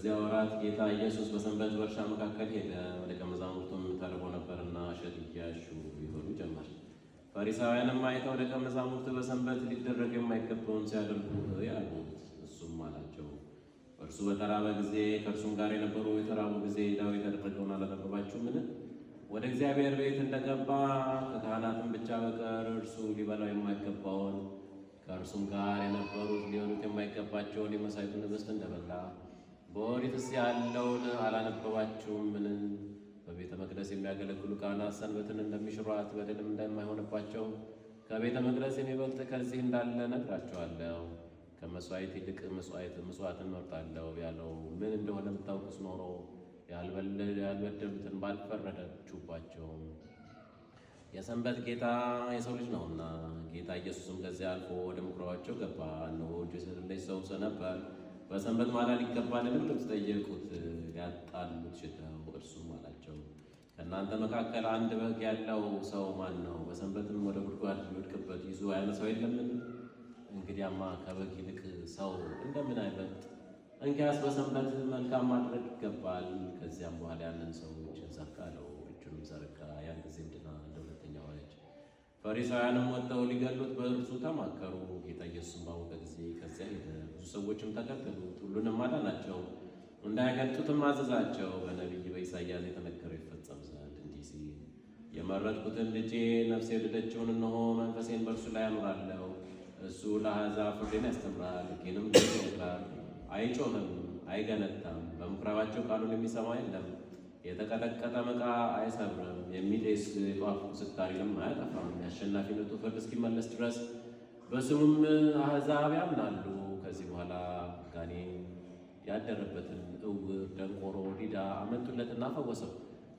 በዚያ ወራት ጌታ ኢየሱስ በሰንበት በእርሻ መካከል ሄደ። ደቀ መዛሙርቱም ተርቦ ነበርና እሸት እያሹ ይበሉ ጀመር። ፈሪሳውያንም አይተው ደቀ መዛሙርቱ በሰንበት ሊደረግ የማይገባውን ሲያደርጉ ያሉት፣ እሱም አላቸው እርሱ በተራበ ጊዜ ከእርሱም ጋር የነበሩ የተራቡ ጊዜ ዳዊት ያደረገውን ምን? ወደ እግዚአብሔር ቤት እንደገባ ከካህናትም ብቻ በቀር እርሱ ሊበላው የማይገባውን ከእርሱም ጋር የነበሩት ሊሆኑት የማይገባቸውን የመሳይቱን ኅብስት እንደበላ በኦሪትስ ያለውን ምን በቤተ መቅደስ የሚያገለግሉ ካህናት ሰንበትን እንደሚሽሯት በደልም እንደማይሆንባቸው ከቤተ መቅደስ የሚበልጥ ከዚህ እንዳለ ነግራችኋለሁ። ከመሥዋዕት ይልቅ ምጽዋትን መርጣለሁ ያለው ምን እንደሆነ ብታውቁስ ኖሮ ያልበደሉትን ባልፈረዳችሁባቸውም። የሰንበት ጌታ የሰው ልጅ ነውና ጌታ ኢየሱስም ከዚያ አልፎ ወደ ምኩራባቸው ገባ። እነሆ እጁ የሰለለች ሰው ነበር። በሰንበት ማላ ሊገባልንም ልትጠየቁት ያጣሉት ሽተው እርሱም አላቸው ከእናንተ መካከል አንድ በግ ያለው ሰው ማን ነው? በሰንበትም ወደ ጉድጓድ ሊወድቅበት ይዞ ሰው የለምን? እንግዲያማ ከበግ ይልቅ ሰው እንደምን አይበልጥ? እንኪያስ በሰንበት መልካም ማድረግ ይገባል። ከዚያም በኋላ ያንን ሰው እጅን ዘርጋ አለው። እጁንም ዘረጋ። ያን ጊዜም ድና እንደ ፈሪሳውያንም ወጥተው ሊገሉት በእርሱ ተማከሩ። ጌታ ኢየሱስም ባወቀ ጊዜ ከዚያ ሄደ። ብዙ ሰዎችም ተከተሉት፣ ሁሉንም አዳናቸው፣ እንዳያገጡትም አዘዛቸው። በነቢይ በኢሳያስ የተነገረው ይፈጸም ዘንድ እንዲህ ሲል የመረጥኩትን ልጄን ነፍሴ የወደደችውን እነሆ መንፈሴን በእርሱ ላይ አኖራለሁ። እሱ ለአሕዛብ ፍርዴን ያስተምራል፣ ሕጌንም ይሰብካል። አይጮህም፣ አይገነታም፣ በምኩራባቸው ቃሉን የሚሰማ የለም። የተቀጠቀጠ መቃ አይሰብርም፣ የሚጤስ የጧፍ ስታሪንም አያጠፋም። የአሸናፊነቱ ፍርድ እስኪመለስ ድረስ በስሙም አሕዛብ ያምናሉ። ከዚህ በኋላ ጋኔን ያደረበትን እውር ደንቆሮ ዲዳ አመጡለትና ፈወሰው።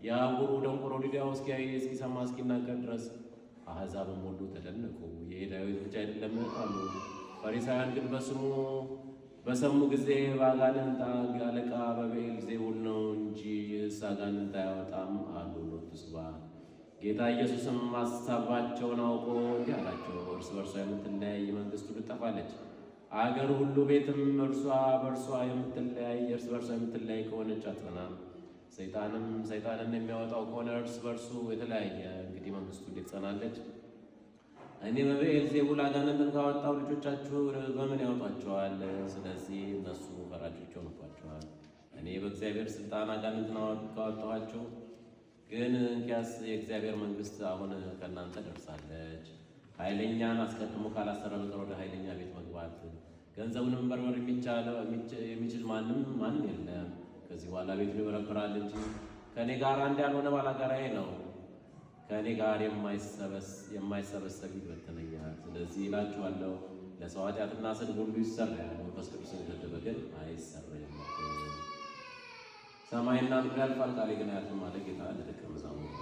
የአውሩ ደንቆሮ ዲዳው እስኪያይ እስኪሰማ እስኪናገር ድረስ አሕዛብም ሁሉ ተደነቁ። የሄዳዊ ዳዊት ብቻ አይደለም አሉ። ፈሪሳውያን ግን በስሙ በሰሙ ጊዜ በአጋንንት አለቃ በብዔል ነው እንጂ ይህስ አጋንንት አያወጣም አሉ። ሎቱ ስብሐት። ጌታ ኢየሱስም አሳባቸውን አውቆ እንዲህ አላቸው፣ እርስ በርሷ የምትለያይ መንግስቱ ሁሉ ትጠፋለች። አገር ሁሉ ቤትም እርሷ በእርሷ የምትለያይ እርስ በርሷ የምትለያይ ከሆነች አትጸናም። ሰይጣንም ሰይጣንን የሚያወጣው ከሆነ እርስ በርሱ የተለያየ እንግዲህ መንግስቱ እንዴት ትጸናለች? እኔ በብዔልዜቡል አጋንንትን ካወጣው ልጆቻችሁ በምን ያወጧቸዋል? ስለዚህ እነሱ ፈራጆች ይሆኑባቸዋል። እኔ በእግዚአብሔር ስልጣን አጋንንትን ካወጣኋቸው ግን እንኪያስ የእግዚአብሔር መንግስት አሁን ከእናንተ ደርሳለች። ኃይለኛን አስቀድሞ ካላሰረ ወደ ኃይለኛ ቤት መግባት ገንዘቡን በርበር የሚችል ማንም ማንም የለም። ከዚህ በኋላ ቤቱ ይበረብራል እንጂ ከእኔ ጋር አንድ ያልሆነ ባላጋራዬ ነው። ከእኔ ጋር የማይሰበሰብ ይበትነኛል። ስለዚህ ይላችኋለሁ ለሰው ኃጢአትና ስድ ሁሉ ይሰራል። መንፈስ ቅዱስን የሰደበ ግን አይሰረይም። ሰማይና ምድር ያልፋል፣ ቃሌ ግን አያልፍም አለ ጌታ ለደቀ መዛሙርቱ።